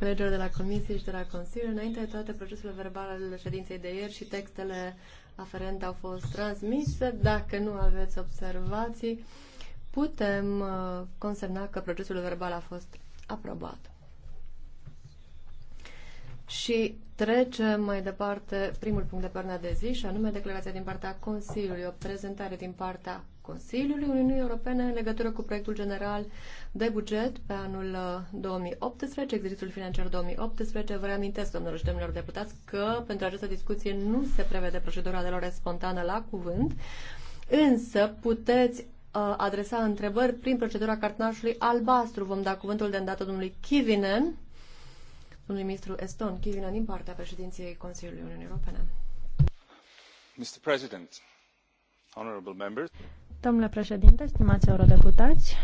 colegilor de la Comisie și de la Consiliu. Înainte de toate, procesul verbal ale ședinței de ieri și textele aferente au fost transmise. Dacă nu aveți observații, putem uh, consemna că procesul verbal a fost aprobat. Și trecem mai departe primul punct de pernă de zi, și anume declarația din partea Consiliului, o prezentare din partea Consiliului Uniunii Europene în legătură cu proiectul general de buget pe anul 2018, uh, exercițiul financiar 2018. Vă reamintesc, domnilor și domnilor deputați, că pentru această discuție nu se prevede procedura de lor spontană la cuvânt, însă puteți uh, adresa întrebări prin procedura cartonașului albastru. Vom da cuvântul de îndată domnului Kivinen, domnului ministru Eston Kivinen din partea președinției Consiliului Uniunii Europene. Mr. President, honorable members. Domnule președinte, stimați eurodeputați,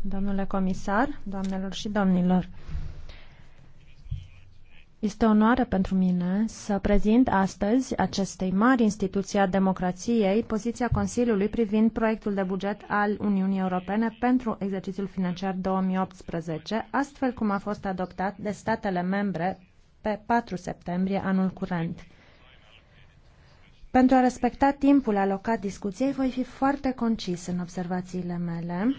domnule comisar, doamnelor și domnilor, este o onoare pentru mine să prezint astăzi acestei mari instituții a democrației poziția Consiliului privind proiectul de buget al Uniunii Europene pentru exercițiul financiar 2018, astfel cum a fost adoptat de statele membre pe 4 septembrie anul curent. Pentru a respecta timpul alocat discuției, voi fi foarte concis în observațiile mele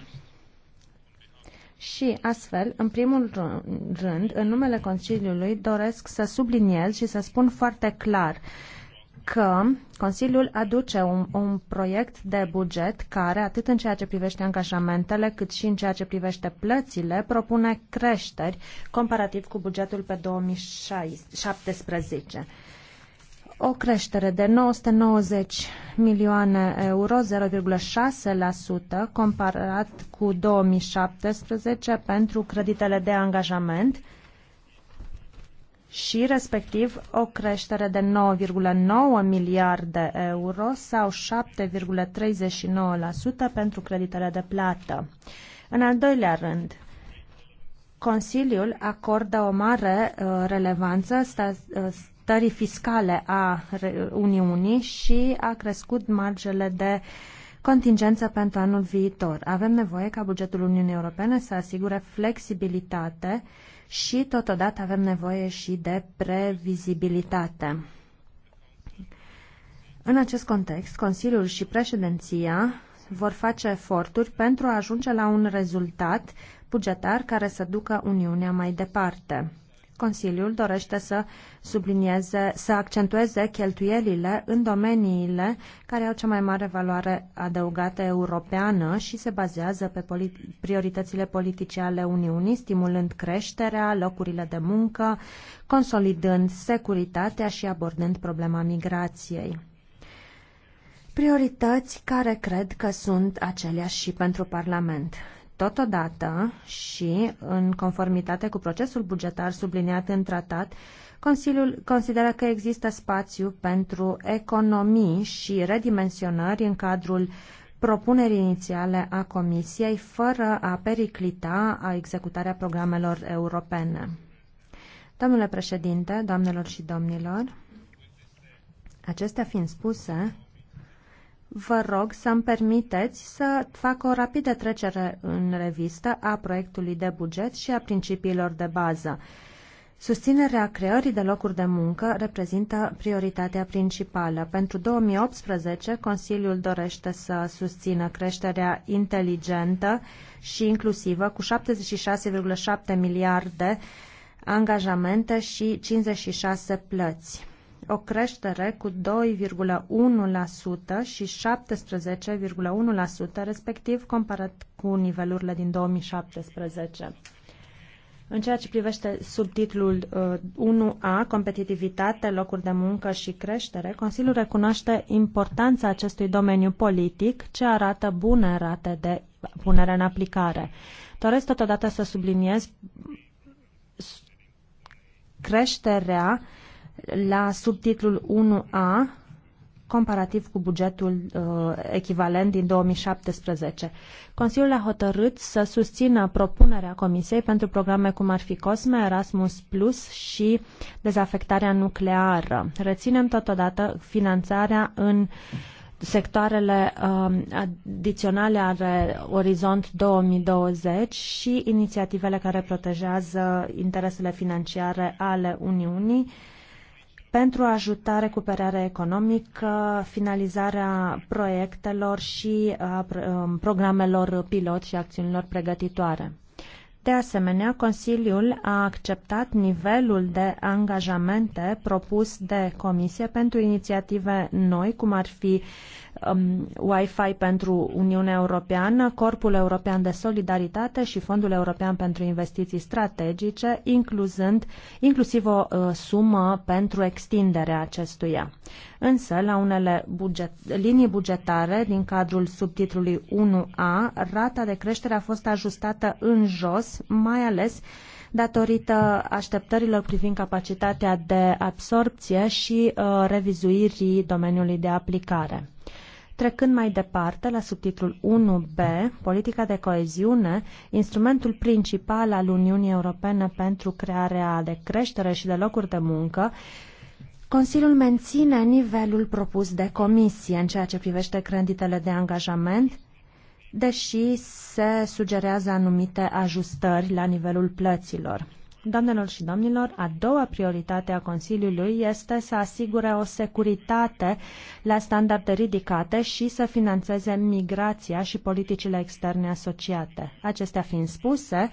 și, astfel, în primul rând, în numele Consiliului, doresc să subliniez și să spun foarte clar că Consiliul aduce un, un proiect de buget care, atât în ceea ce privește angajamentele, cât și în ceea ce privește plățile, propune creșteri comparativ cu bugetul pe 2017 o creștere de 990 milioane euro, 0,6% comparat cu 2017 pentru creditele de angajament și respectiv o creștere de 9,9 miliarde euro sau 7,39% pentru creditele de plată. În al doilea rând, Consiliul acordă o mare uh, relevanță sta, uh, tării fiscale a Uniunii și a crescut margele de contingență pentru anul viitor. Avem nevoie ca bugetul Uniunii Europene să asigure flexibilitate și totodată avem nevoie și de previzibilitate. În acest context, Consiliul și președinția vor face eforturi pentru a ajunge la un rezultat bugetar care să ducă Uniunea mai departe. Consiliul dorește să sublinieze, să accentueze cheltuielile în domeniile care au cea mai mare valoare adăugată europeană și se bazează pe polit- prioritățile politice ale Uniunii, stimulând creșterea, locurile de muncă, consolidând securitatea și abordând problema migrației. Priorități care cred că sunt aceleași și pentru Parlament. Totodată și în conformitate cu procesul bugetar subliniat în tratat, Consiliul consideră că există spațiu pentru economii și redimensionări în cadrul propunerii inițiale a Comisiei, fără a periclita a executarea programelor europene. Domnule președinte, doamnelor și domnilor, acestea fiind spuse, Vă rog să-mi permiteți să fac o rapidă trecere în revistă a proiectului de buget și a principiilor de bază. Susținerea creării de locuri de muncă reprezintă prioritatea principală. Pentru 2018, Consiliul dorește să susțină creșterea inteligentă și inclusivă cu 76,7 miliarde angajamente și 56 plăți o creștere cu 2,1% și 17,1% respectiv comparat cu nivelurile din 2017. În ceea ce privește subtitlul 1A, uh, competitivitate, locuri de muncă și creștere, Consiliul recunoaște importanța acestui domeniu politic ce arată bune rate de punere în aplicare. Doresc totodată să subliniez creșterea uh, la subtitlul 1A, comparativ cu bugetul uh, echivalent din 2017. Consiliul a hotărât să susțină propunerea Comisiei pentru programe cum ar fi COSME, Erasmus Plus și dezafectarea nucleară. Reținem totodată finanțarea în sectoarele uh, adiționale ale Orizont 2020 și inițiativele care protejează interesele financiare ale Uniunii, uh, pentru a ajuta recuperarea economică, finalizarea proiectelor și a um, programelor pilot și acțiunilor pregătitoare. De asemenea, Consiliul a acceptat nivelul de angajamente propus de Comisie pentru inițiative noi, cum ar fi uh, um, Wi-Fi pentru Uniunea Europeană, Corpul European de Solidaritate și Fondul European pentru Investiții Strategice, incluzând inclusiv o uh, sumă pentru extinderea acestuia. Însă, la unele buget, linii bugetare din cadrul subtitlului 1A, rata de creștere a fost ajustată în jos, mai ales datorită așteptărilor privind capacitatea de absorpție și uh, revizuirii domeniului de aplicare. Trecând mai departe la subtitlul 1b, politica de coeziune, instrumentul principal al Uniunii Europene pentru crearea de creștere și de locuri de muncă, Consiliul menține nivelul propus de comisie în ceea ce privește creditele de angajament, deși se sugerează anumite ajustări la nivelul plăților. Doamnelor și domnilor, a doua prioritate a Consiliului este să asigure o securitate la standarde ridicate și să financeze migrația și politicile externe asociate. Acestea fiind spuse,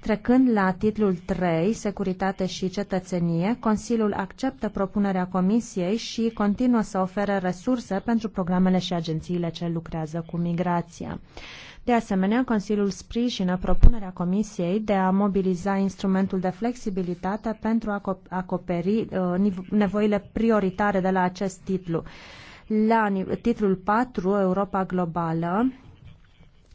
Trecând la titlul 3, Securitate și cetățenie, Consiliul acceptă propunerea Comisiei și continuă să ofere resurse pentru programele și agențiile ce lucrează cu migrația. De asemenea, Consiliul sprijină propunerea Comisiei de a mobiliza instrumentul de flexibilitate pentru a acoperi uh, nevoile prioritare de la acest titlu. La titlul 4, Europa Globală,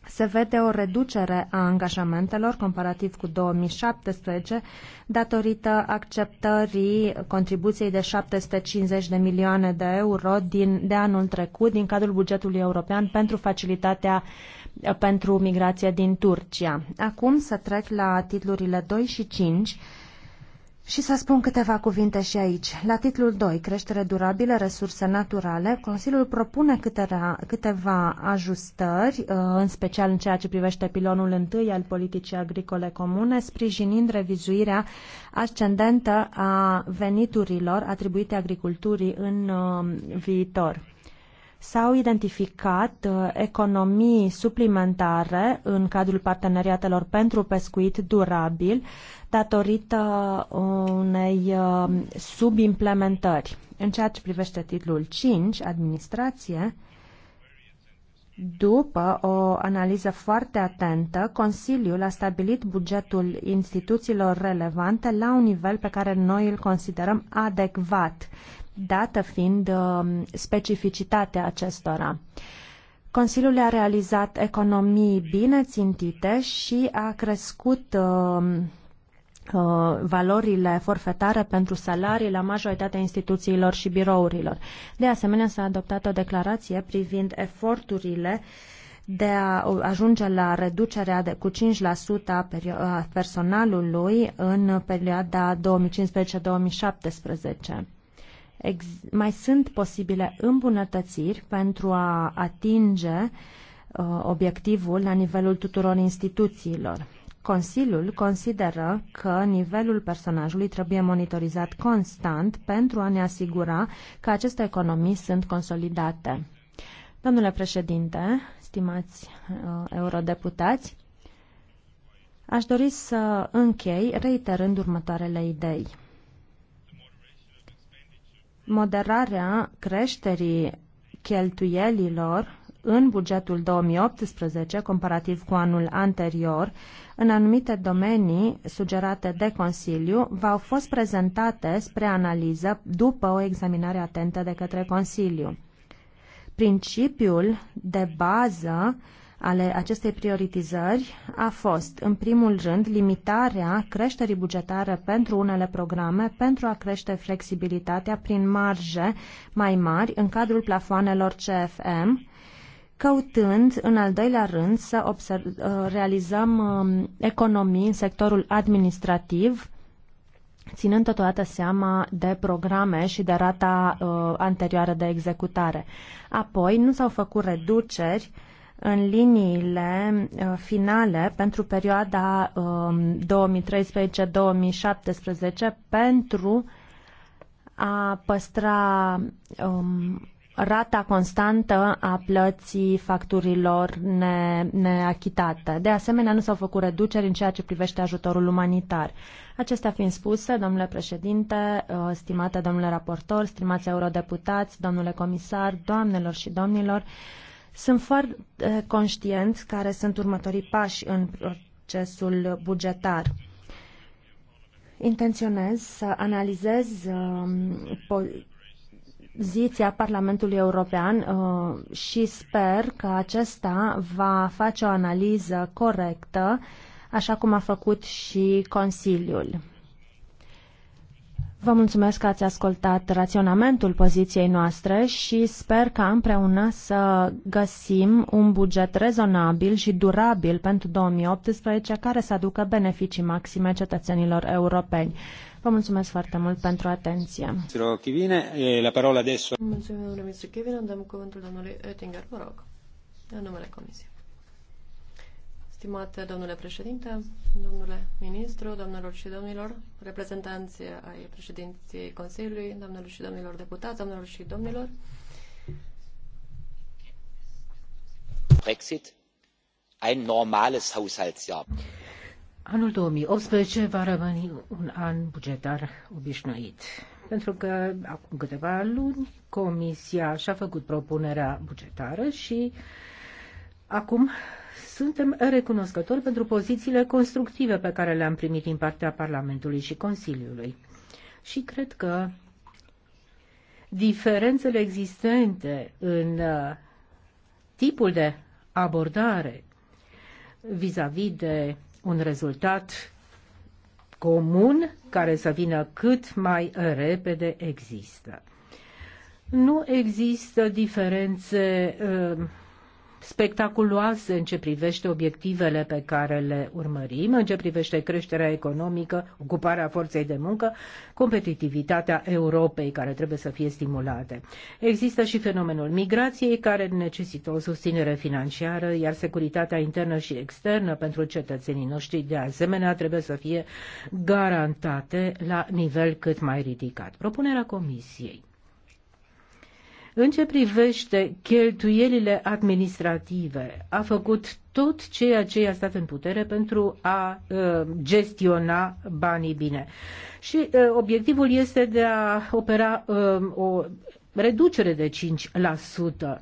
se vede o reducere a angajamentelor comparativ cu 2017 datorită acceptării contribuției de 750 de milioane de euro din, de anul trecut din cadrul bugetului european pentru facilitatea pentru migrație din Turcia. Acum să trec la titlurile 2 și 5 și să spun câteva cuvinte și aici. La titlul 2, creștere durabilă, resurse naturale, Consiliul propune câteva, câteva ajustări, uh, în special în ceea ce privește pilonul întâi al politicii agricole comune, sprijinind revizuirea ascendentă a veniturilor atribuite agriculturii în uh, viitor. S-au identificat uh, economii suplimentare în cadrul parteneriatelor pentru pescuit durabil datorită uh, unei uh, subimplementări. În ceea ce privește titlul 5, administrație, după o analiză foarte atentă, Consiliul a stabilit bugetul instituțiilor relevante la un nivel pe care noi îl considerăm adecvat, dată fiind um, specificitatea acestora. Consiliul a realizat economii bine țintite și a crescut um, uh, valorile forfetare pentru salarii la majoritatea instituțiilor și birourilor. De asemenea, s-a adoptat o declarație privind eforturile de a ajunge la reducerea de cu 5% a personalului în perioada 2015-2017. Ex- mai sunt posibile îmbunătățiri pentru a atinge uh, obiectivul la nivelul tuturor instituțiilor. Consiliul consideră că nivelul personajului trebuie monitorizat constant pentru a ne asigura că aceste economii sunt consolidate. Domnule președinte, stimați uh, eurodeputați, aș dori să închei reiterând următoarele idei moderarea creșterii cheltuielilor în bugetul 2018, comparativ cu anul anterior, în anumite domenii sugerate de Consiliu, v-au fost prezentate spre analiză după o examinare atentă de către Consiliu. Principiul de bază ale acestei prioritizări a fost, în primul rând, limitarea creșterii bugetare pentru unele programe pentru a crește flexibilitatea prin marje mai mari în cadrul plafoanelor CFM, căutând, în al doilea rând, să observ, uh, realizăm um, economii în sectorul administrativ, ținând totodată seama de programe și de rata uh, anterioară de executare. Apoi, nu s-au făcut reduceri uh, în liniile uh, finale pentru perioada 2013-2017 um, pentru a păstra um, rata constantă a plății facturilor ne, neachitate. De asemenea, nu s-au făcut reduceri în ceea ce privește ajutorul umanitar. Acestea fiind spuse, domnule președinte, uh, stimate domnule raportor, stimați eurodeputați, domnule comisar, doamnelor și domnilor, sunt foarte eh, conștient care sunt următorii pași în procesul bugetar. Intenționez să analizez ehm, poziția Parlamentului European eh, și sper că acesta va face o analiză corectă, așa cum a făcut și Consiliul. Vă mulțumesc că ați ascultat raționamentul poziției noastre și sper ca împreună să găsim un buget rezonabil și durabil pentru 2018 care să aducă beneficii maxime cetățenilor europeni. Vă mulțumesc foarte mult pentru atenție. La parola adesso. Mulțumim, domnule Kivine. Chivine. Dăm cuvântul domnului Oettinger, vă rog, în numele Comisiei. Stimate domnule președinte, domnule ministru, domnilor și domnilor, reprezentanți ai președinției Consiliului, domnilor și domnilor deputați, domnilor și domnilor. Brexit, un normales Haushaltsjahr. Anul 2018 va rămâne un an bugetar obișnuit, pentru că acum câteva luni Comisia și-a făcut propunerea bugetară și acum suntem recunoscători pentru pozițiile constructive pe care le-am primit din partea Parlamentului și Consiliului. Și cred că diferențele existente în uh, tipul de abordare vis-a-vis -vis de un rezultat comun care să vină cât mai repede există. Nu există diferențe uh, spectaculoase în ce privește obiectivele pe care le urmărim, în ce privește creșterea economică, ocuparea forței de muncă, competitivitatea Europei care trebuie să fie stimulate. Există și fenomenul migrației care necesită o susținere financiară, iar securitatea internă și externă pentru cetățenii noștri de asemenea trebuie să fie garantate la nivel cât mai ridicat. Propunerea Comisiei în ce privește cheltuielile administrative, a făcut tot ceea ce i-a stat în putere pentru a uh, gestiona banii bine. Și uh, obiectivul este de a opera uh, o reducere de 5%.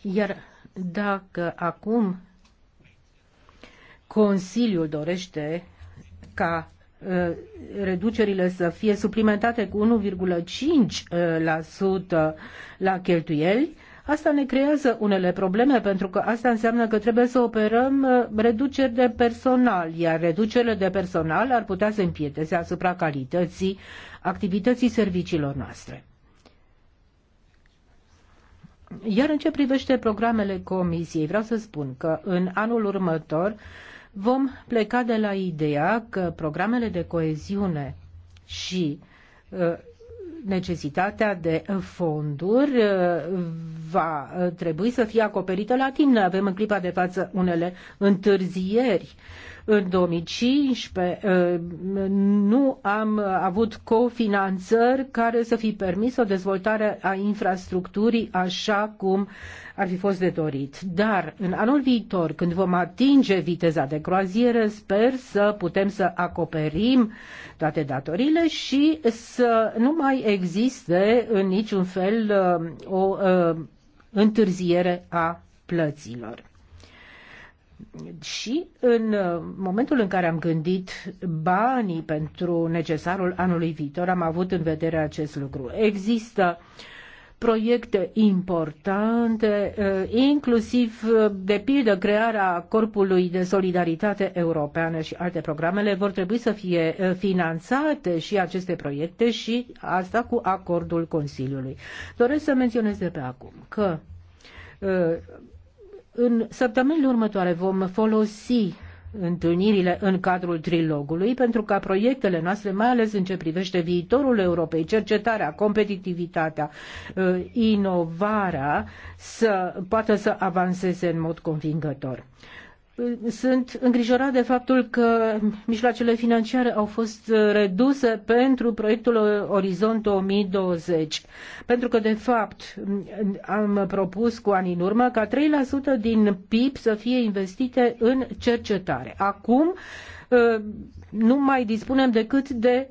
Iar dacă acum Consiliul dorește ca Uh, reducerile să fie suplimentate cu 1,5% uh, la cheltuieli, Asta ne creează unele probleme pentru că asta înseamnă că trebuie să operăm uh, reduceri de personal, iar reducerile de personal ar putea să împieteze asupra calității activității serviciilor noastre. Iar în ce privește programele comisiei, vreau să spun că în anul următor vom pleca de la ideea că programele de coeziune și uh, necesitatea de fonduri uh, va uh, trebui să fie acoperită la timp. Noi avem în clipa de față unele întârzieri în 2015 uh, nu am avut cofinanțări care să fi permis o dezvoltare a infrastructurii așa cum ar fi fost de dorit. Dar în anul viitor, când vom atinge viteza de croazieră, sper să putem să acoperim toate datorile și să nu mai existe în niciun fel uh, o uh, întârziere a plăților și în uh, momentul în care am gândit banii pentru necesarul anului viitor, am avut în vedere acest lucru. Există proiecte importante, uh, inclusiv, uh, de pildă, crearea Corpului de Solidaritate Europeană și alte programele vor trebui să fie finanțate și aceste proiecte și asta cu acordul Consiliului. Doresc să menționez de pe acum că în săptămânile următoare vom folosi întâlnirile în cadrul trilogului pentru ca proiectele noastre, mai ales în ce privește viitorul Europei, cercetarea, competitivitatea, eh, inovarea, să poată să avanseze în mod convingător sunt îngrijorat de faptul că mijloacele financiare au fost uh, reduse pentru proiectul Orizont 2020. Pentru că, de fapt, am propus cu ani în urmă ca 3% din PIB să fie investite în cercetare. Acum, Uh, nu mai dispunem decât de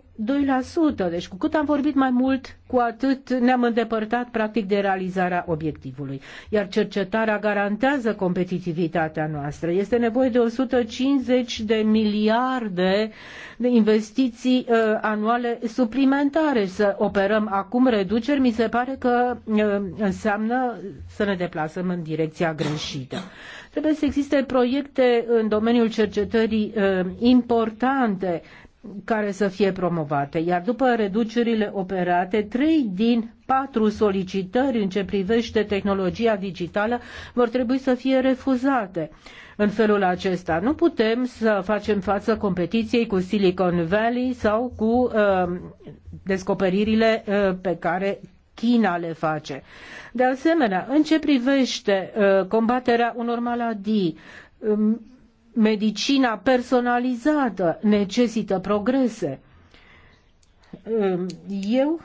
2%. Deci cu cât am vorbit mai mult, cu atât ne-am îndepărtat practic de realizarea obiectivului. Iar cercetarea garantează competitivitatea noastră. Este nevoie de 150 de miliarde de investiții uh, anuale suplimentare. Să operăm acum reduceri, mi se pare că uh, înseamnă să ne deplasăm în direcția greșită. Trebuie să existe proiecte în domeniul cercetării uh, importante care să fie promovate. Iar după reducerile operate, trei din patru solicitări în ce privește tehnologia digitală vor trebui să fie refuzate. În felul acesta nu putem să facem față competiției cu Silicon Valley sau cu uh, descoperirile uh, pe care China le face. De asemenea, în ce privește uh, combaterea unor maladii, um, medicina personalizată necesită progrese. Um, eu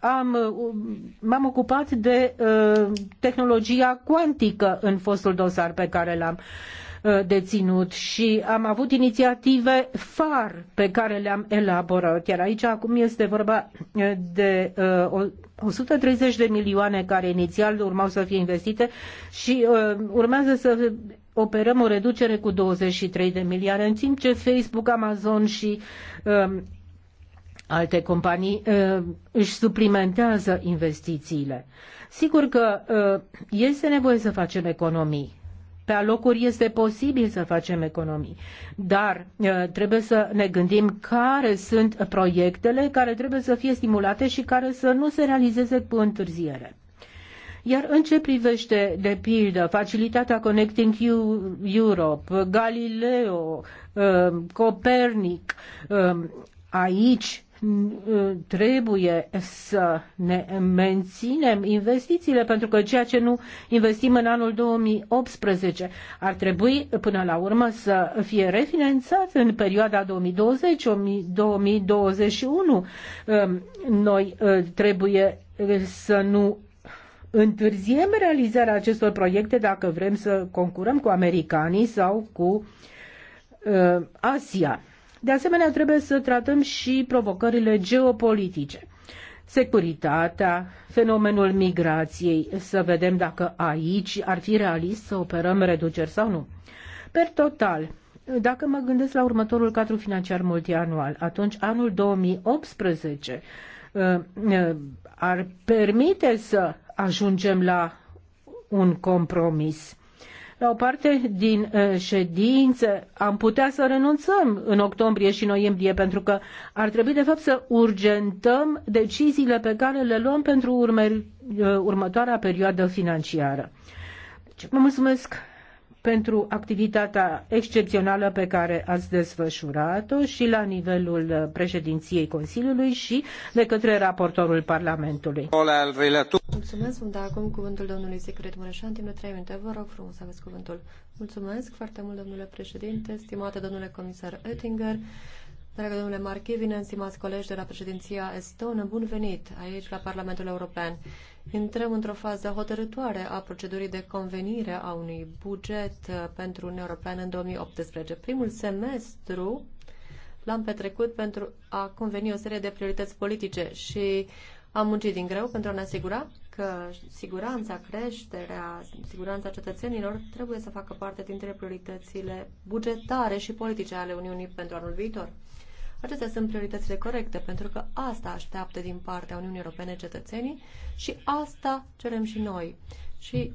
am, uh, m-am ocupat de uh, tehnologia cuantică în fostul dosar pe care l-am uh, Uh, deținut și am avut inițiative FAR pe care le-am elaborat. Iar aici acum este vorba uh, de 130 uh, de milioane care inițial urmau să fie investite și urmează să operăm o reducere cu 23 de miliarde, în timp ce Facebook, Amazon și um, alte companii își suplimentează investițiile. Sigur că este nevoie să facem economii, pe alocuri este posibil să facem economii, dar uh, trebuie să ne gândim care sunt proiectele care trebuie să fie stimulate și care să nu se realizeze cu întârziere. Iar în ce privește, de pildă, facilitatea Connecting Europe, Galileo, uh, Copernic, uh, aici trebuie să ne menținem investițiile, pentru că ceea ce nu investim în anul 2018 ar trebui până la urmă să fie refinanțat în perioada 2020-2021. Noi uh, trebuie să nu întârziem realizarea acestor proiecte dacă vrem să concurăm cu americanii sau cu uh, Asia. De asemenea, trebuie să tratăm și provocările geopolitice. Securitatea, fenomenul migrației, să vedem dacă aici ar fi realist să operăm reduceri sau nu. Per total, dacă mă gândesc la următorul cadru financiar multianual, atunci anul 2018 uh, uh, ar permite să ajungem la un compromis. La o parte din uh, ședință am putea să renunțăm în octombrie și noiembrie pentru că ar trebui de fapt să urgentăm deciziile pe care le luăm pentru urme, uh, următoarea perioadă financiară. Deci, mă vă mulțumesc pentru activitatea excepțională pe care ați desfășurat-o și la nivelul președinției Consiliului și de către raportorul Parlamentului. Mulțumesc, îmi da acum cuvântul domnului secret Mureșan, timp de 3 minute. Vă rog frumos să aveți cuvântul. Mulțumesc foarte mult, domnule președinte, stimate domnule comisar Oettinger. Dragă domnule Marchivine, stimați colegi de la președinția estonă, bun venit aici la Parlamentul European. Intrăm într-o fază hotărătoare a procedurii de convenire a unui buget uh, pentru Uniunea Europeană în 2018. Primul semestru l-am petrecut pentru a conveni o serie de priorități politice și am muncit din greu pentru a ne asigura că siguranța, creșterea, siguranța cetățenilor trebuie să facă parte dintre prioritățile bugetare și politice ale Uniunii pentru anul viitor. Acestea sunt prioritățile corecte, pentru că asta așteaptă din partea Uniunii Europene cetățenii și asta cerem și noi. Și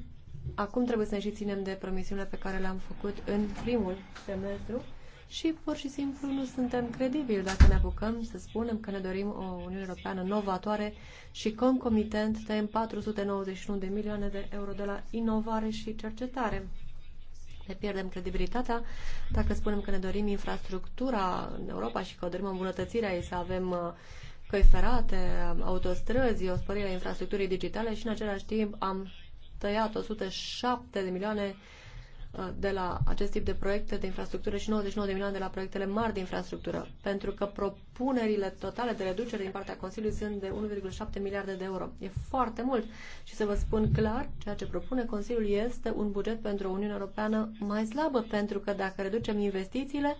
acum trebuie să ne și ținem de promisiunea pe care le-am făcut în primul semestru și pur și simplu nu suntem credibili dacă ne apucăm să spunem că ne dorim o Uniune Europeană novatoare și concomitent tăiem 491 de milioane de euro de la inovare și cercetare ne pierdem credibilitatea dacă spunem că ne dorim infrastructura în Europa și că o dorim îmbunătățirea ei, să avem uh, căi ferate, um, autostrăzi, o spărire a infrastructurii digitale și în același timp am tăiat 107 de milioane de la acest tip de proiecte de infrastructură și 99 de milioane de la proiectele mari de infrastructură, pentru că propunerile totale de reducere din partea Consiliului sunt de 1,7 miliarde de euro. E foarte mult și să vă spun clar, ceea ce propune Consiliul este un buget pentru Uniunea Europeană mai slabă, pentru că dacă reducem investițiile,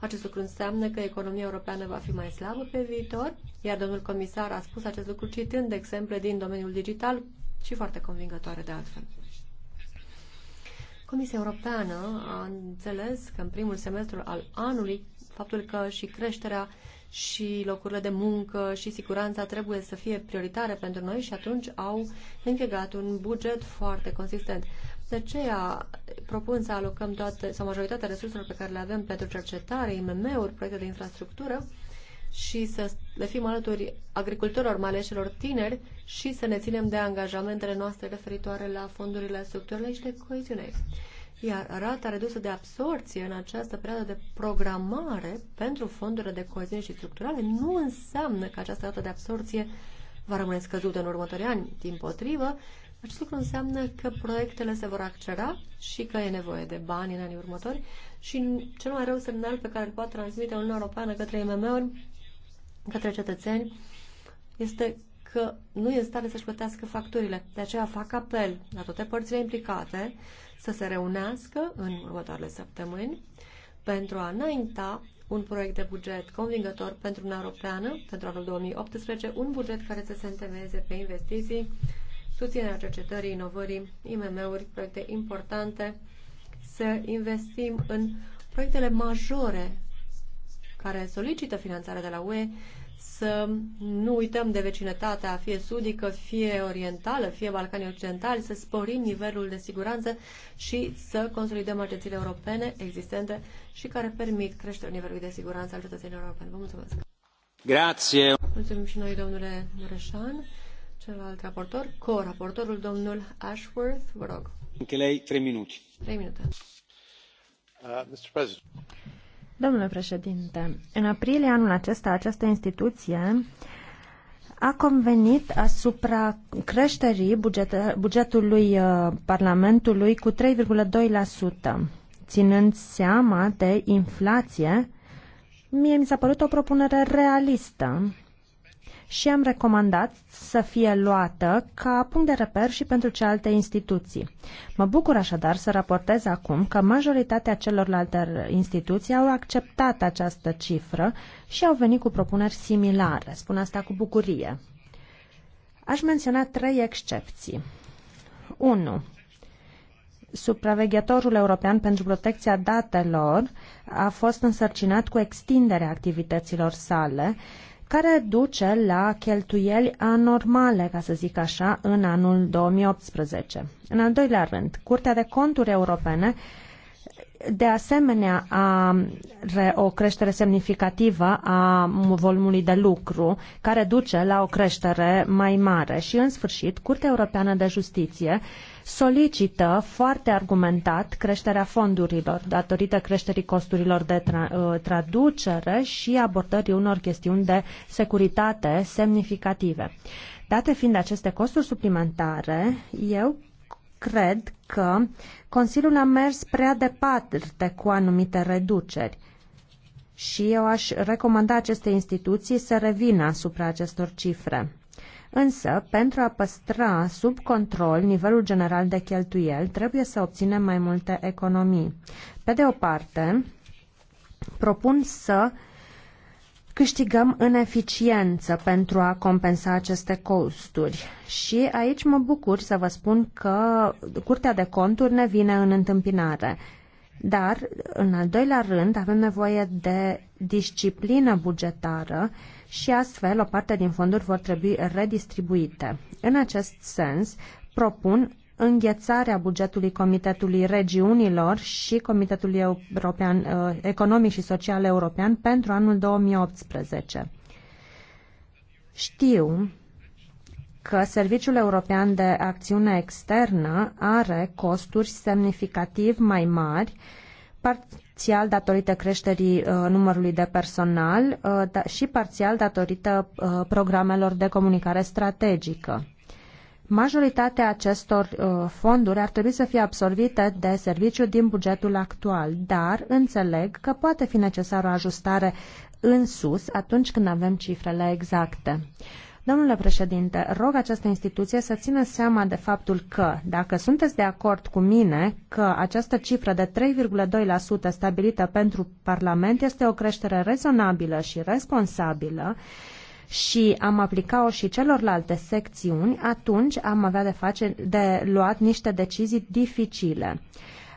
acest lucru înseamnă că economia europeană va fi mai slabă pe viitor, iar domnul comisar a spus acest lucru citând exemple din domeniul digital și foarte convingătoare de altfel. Comisia Europeană a înțeles că în primul semestru al anului faptul că și creșterea și locurile de muncă și siguranța trebuie să fie prioritare pentru noi și atunci au închegat un buget foarte consistent. De aceea propun să alocăm toate sau majoritatea resurselor pe care le avem pentru cercetare, IMM-uri, proiecte de infrastructură și să le fim alături agricultorilor, mai ales celor tineri și să ne ținem de angajamentele noastre referitoare la fondurile structurale și de coeziune. Iar rata redusă de absorție în această perioadă de programare pentru fondurile de coeziune și structurale nu înseamnă că această rată de absorție va rămâne scăzută în următorii ani. Din potrivă, acest lucru înseamnă că proiectele se vor accera și că e nevoie de bani în anii următori și cel mai rău semnal pe care îl poate transmite Uniunea Europeană către IMM-uri către cetățeni este că nu e în stare să-și plătească facturile. De aceea fac apel la toate părțile implicate să se reunească în următoarele săptămâni pentru a înainta un proiect de buget convingător pentru Uniunea Europeană pentru anul 2018, un buget care să se întemeieze pe investiții, susținerea cercetării, inovării, IMM-uri, proiecte importante, să investim în proiectele majore care solicită finanțarea de la UE să nu uităm de vecinătatea, fie sudică, fie orientală, fie Balcanii Occidentali, să sporim nivelul de siguranță și să consolidăm agențiile europene existente și care permit creșterea nivelului de siguranță al cetățenilor europeni. Vă mulțumesc! Grație! Mulțumim și noi, domnule Mureșan, celălalt raportor, co-raportorul, domnul Ashworth, vă rog. Închelei trei minute. Trei minute. Uh, Mr. President. Domnule președinte, în aprilie anul acesta, această instituție a convenit asupra creșterii buget, bugetului uh, Parlamentului cu 3,2%, ținând seama de inflație. Mie mi s-a părut o propunere realistă și am recomandat să fie luată ca punct de reper și pentru celelalte instituții. Mă bucur așadar să raportez acum că majoritatea celorlalte instituții au acceptat această cifră și au venit cu propuneri similare. Spun asta cu bucurie. Aș menționa trei excepții. 1 supraveghetorul european pentru protecția datelor a fost însărcinat cu extinderea activităților sale care duce la cheltuieli anormale, ca să zic așa, în anul 2018. În al doilea rând, Curtea de Conturi Europene de asemenea a, o creștere semnificativă a volumului de lucru, care duce la o creștere mai mare. Și, în sfârșit, Curtea Europeană de Justiție solicită foarte argumentat creșterea fondurilor datorită creșterii costurilor de tra- ă, traducere și abordării unor chestiuni de securitate semnificative. Date fiind aceste costuri suplimentare, eu cred că Consiliul a mers prea departe cu anumite reduceri și eu aș recomanda acestei instituții să revină asupra acestor cifre. Însă, pentru a păstra sub control nivelul general de cheltuieli, trebuie să obținem mai multe economii. Pe de o parte, propun să uh, câștigăm în eficiență pentru a compensa aceste costuri. Și aici mă bucur să vă spun că Curtea de Conturi ne vine în întâmpinare. Dar, în al doilea rând, avem nevoie de disciplină bugetară și astfel o parte din fonduri vor trebui redistribuite. În acest sens, propun înghețarea bugetului Comitetului Regiunilor și Comitetului European, uh, Economic și Social European pentru anul 2018. Știu că Serviciul European de Acțiune Externă are costuri semnificativ mai mari, parțial datorită creșterii uh, numărului de personal uh, da, și parțial datorită programelor de comunicare strategică. Majoritatea acestor uh, fonduri ar trebui să fie absorbite de serviciu din bugetul actual, dar înțeleg că poate fi necesară o ajustare în sus atunci când avem cifrele exacte. Domnule președinte, rog această instituție să țină seama de faptul că, dacă sunteți de acord cu mine că această cifră de 3,2% stabilită pentru Parlament este o creștere rezonabilă și responsabilă, și am aplica-o și celorlalte secțiuni, atunci am avea de, face, de luat niște decizii dificile.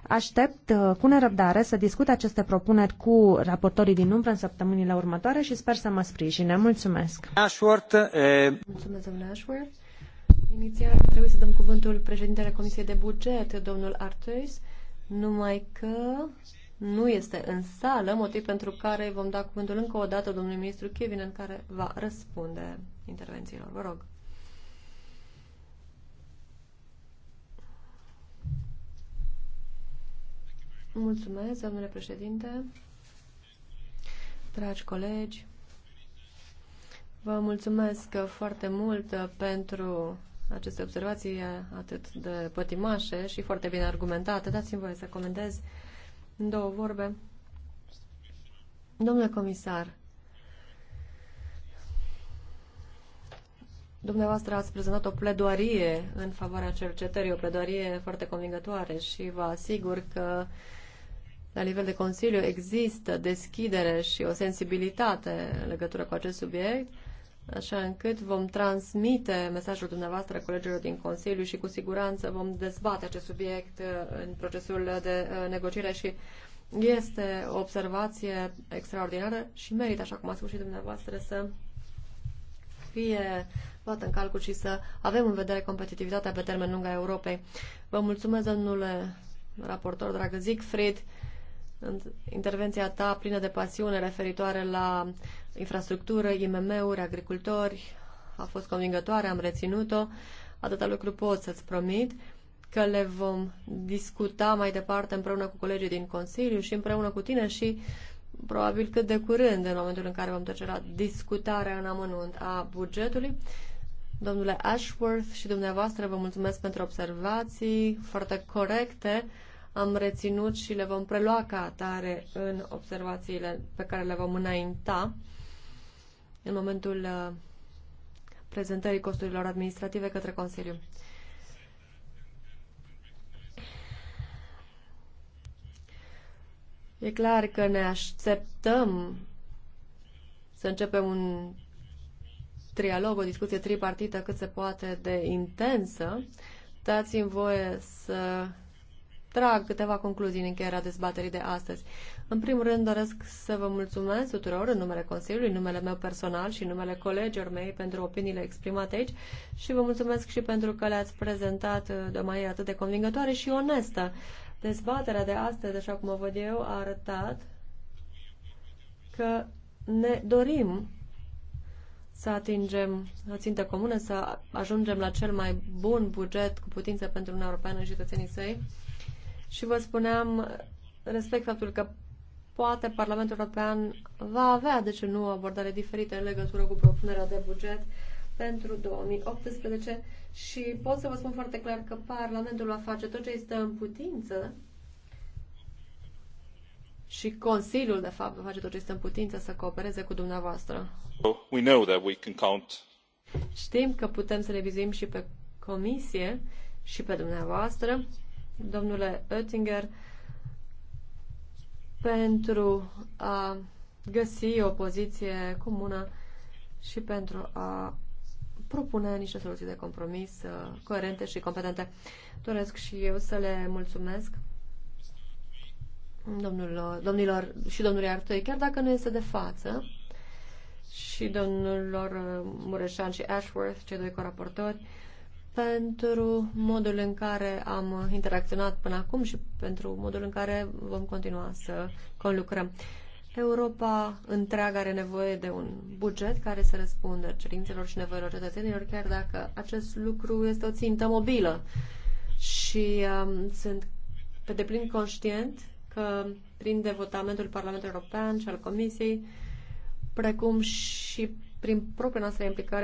Aștept uh, cu nerăbdare să discut aceste propuneri cu raportorii din umbră în săptămânile următoare și sper să mă sprijine. Mulțumesc! Ashworth, e... Mulțumesc, domnule Ashworth! Inițial trebuie să dăm cuvântul președintele Comisiei de Buget, domnul Artuis, numai că nu este în sală, motiv pentru care vom da cuvântul încă o dată domnului ministru în care va răspunde intervențiilor. Vă rog. Mulțumesc, domnule președinte, dragi colegi, vă mulțumesc foarte mult pentru aceste observații atât de pătimașe și foarte bine argumentate. Dați-mi voie să comentez uh, în două vorbe. Domnule comisar, Dumneavoastră ați prezentat o pledoarie în favoarea cercetării, o pledoarie foarte convingătoare și vă asigur că la nivel de Consiliu există deschidere și o sensibilitate în legătură cu acest subiect așa încât vom transmite mesajul dumneavoastră colegilor din Consiliu și cu siguranță vom dezbate acest subiect uh, în procesul de uh, negociere și este o observație extraordinară și merită, așa cum a spus și dumneavoastră, să fie luată în calcul și să avem în vedere competitivitatea pe termen lung a Europei. Vă mulțumesc, domnule raportor, dragă Siegfried intervenția ta plină de pasiune referitoare la infrastructură, IMM-uri, agricultori a fost convingătoare, am reținut-o. Atâta lucru pot să-ți promit că le vom discuta mai departe împreună cu colegii din Consiliu și împreună cu tine și probabil cât de curând, în momentul în care vom trece la discutarea în amănunt a bugetului. Domnule Ashworth și dumneavoastră, vă mulțumesc pentru observații foarte corecte am reținut și le vom prelua ca atare în observațiile pe care le vom înainta în momentul uh, prezentării costurilor administrative către Consiliu. E clar că ne așteptăm să începem un trialog, o discuție tripartită cât se poate de intensă. Dați-mi voie să trag câteva concluzii în încheierea dezbaterii de astăzi. În primul rând doresc să vă mulțumesc tuturor în numele Consiliului, în numele meu personal și în numele colegilor mei pentru opiniile exprimate aici și vă mulțumesc și pentru că le-ați prezentat de o manieră atât de convingătoare și onestă. Dezbaterea de astăzi, așa cum o văd eu, a arătat că ne dorim să atingem o țintă comună, să ajungem la cel mai bun buget cu putință pentru Uniunea Europeană și cetățenii săi și vă spuneam, respect faptul că poate Parlamentul European va avea, de ce nu, o abordare diferită în legătură cu propunerea de buget pentru 2018 și pot să vă spun foarte clar că Parlamentul va face tot ce este în putință și Consiliul, de fapt, va face tot ce este în putință să coopereze cu dumneavoastră. We know that we can count. Știm că putem să vizuim și pe Comisie și pe dumneavoastră domnule Oettinger, pentru a găsi o poziție comună și pentru a propune niște soluții de compromis uh, coerente și competente. Doresc și eu să le mulțumesc domnilor, domnilor și domnului Artoi, chiar dacă nu este de față, și domnilor uh, Mureșan și Ashworth, cei doi coraportori, pentru modul în care am interacționat până acum și pentru modul în care vom continua să conlucrăm. Europa întreagă are nevoie de un buget care să răspundă cerințelor și nevoilor cetățenilor, chiar dacă acest lucru este o țintă mobilă. Și um, sunt pe deplin conștient că prin devotamentul Parlamentului European și al Comisiei, precum și prin propria noastră implicare,